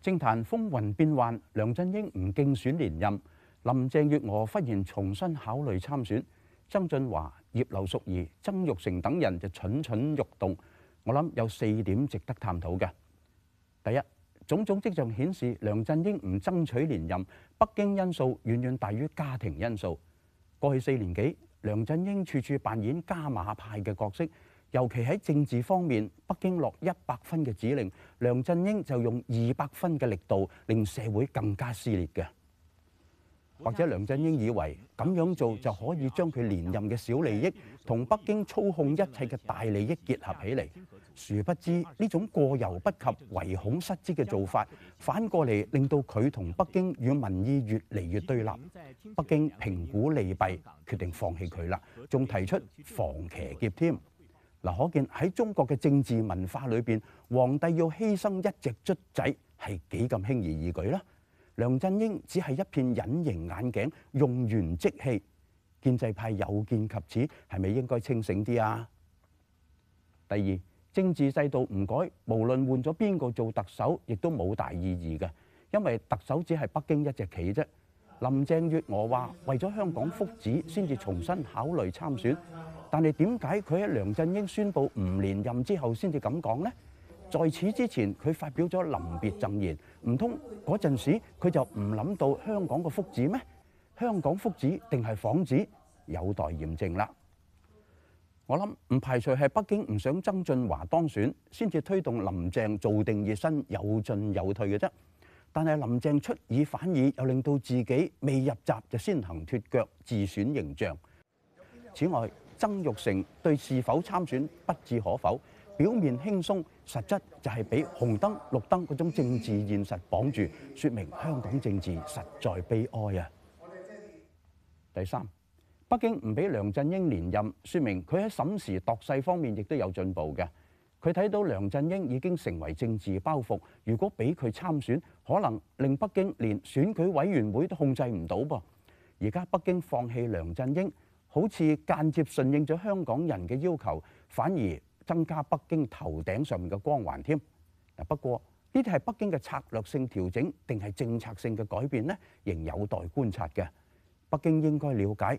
政壇風雲變幻，梁振英唔競選連任，林鄭月娥忽然重新考慮參選，曾俊華、葉劉淑儀、曾鈺成等人就蠢蠢欲動。我諗有四點值得探討嘅。第一，種種跡象顯示，梁振英唔爭取連任，北京因素遠遠大於家庭因素。過去四年幾。梁振英處處扮演加碼派嘅角色，尤其喺政治方面，北京落一百分嘅指令，梁振英就用二百分嘅力度令社會更加撕裂嘅。或者梁振英以為咁樣做就可以將佢連任嘅小利益同北京操控一切嘅大利益結合起嚟。殊不知呢種過猶不及、唯恐失之嘅做法，反過嚟令到佢同北京與民意越嚟越對立。北京評估利弊，決定放棄佢啦，仲提出防騎劫添。嗱，可見喺中國嘅政治文化裏邊，皇帝要犧牲一隻卒仔係幾咁輕而易舉啦？梁振英只係一片隱形眼鏡，用完即棄。建制派有見及此，係咪應該清醒啲啊？第二。政治制度唔改，無論換咗邊個做特首，亦都冇大意義嘅，因為特首只係北京一隻棋啫。林鄭月娥話：為咗香港福祉，先至重新考慮參選。但係點解佢喺梁振英宣布唔連任之後先至咁講呢？在此之前，佢發表咗臨別贈言，唔通嗰陣時佢就唔諗到香港個福祉咩？香港福祉定係幌子，有待驗證啦。我諗唔排除係北京唔想曾俊華當選，先至推動林鄭做定熱身，有進有退嘅啫。但係林鄭出爾反爾，又令到自己未入閘就先行脫腳，自損形象。此外，曾鈺成對是否參選不置可否，表面輕鬆，實質就係俾紅燈、綠燈嗰種政治現實綁住，說明香港政治實在悲哀啊！第三。北京唔俾梁振英連任，説明佢喺審時度勢方面亦都有進步嘅。佢睇到梁振英已經成為政治包袱，如果俾佢參選，可能令北京連選舉委員會都控制唔到噃。而家北京放棄梁振英，好似間接順應咗香港人嘅要求，反而增加北京頭頂上面嘅光環添。嗱不過呢啲係北京嘅策略性調整，定係政策性嘅改變呢？仍有待觀察嘅。北京應該了解。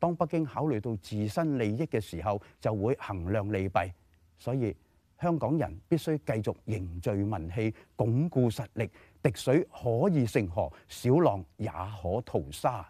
當北京考慮到自身利益嘅時候，就會衡量利弊，所以香港人必須繼續凝聚民氣，鞏固實力。滴水可以成河，小浪也可淘沙。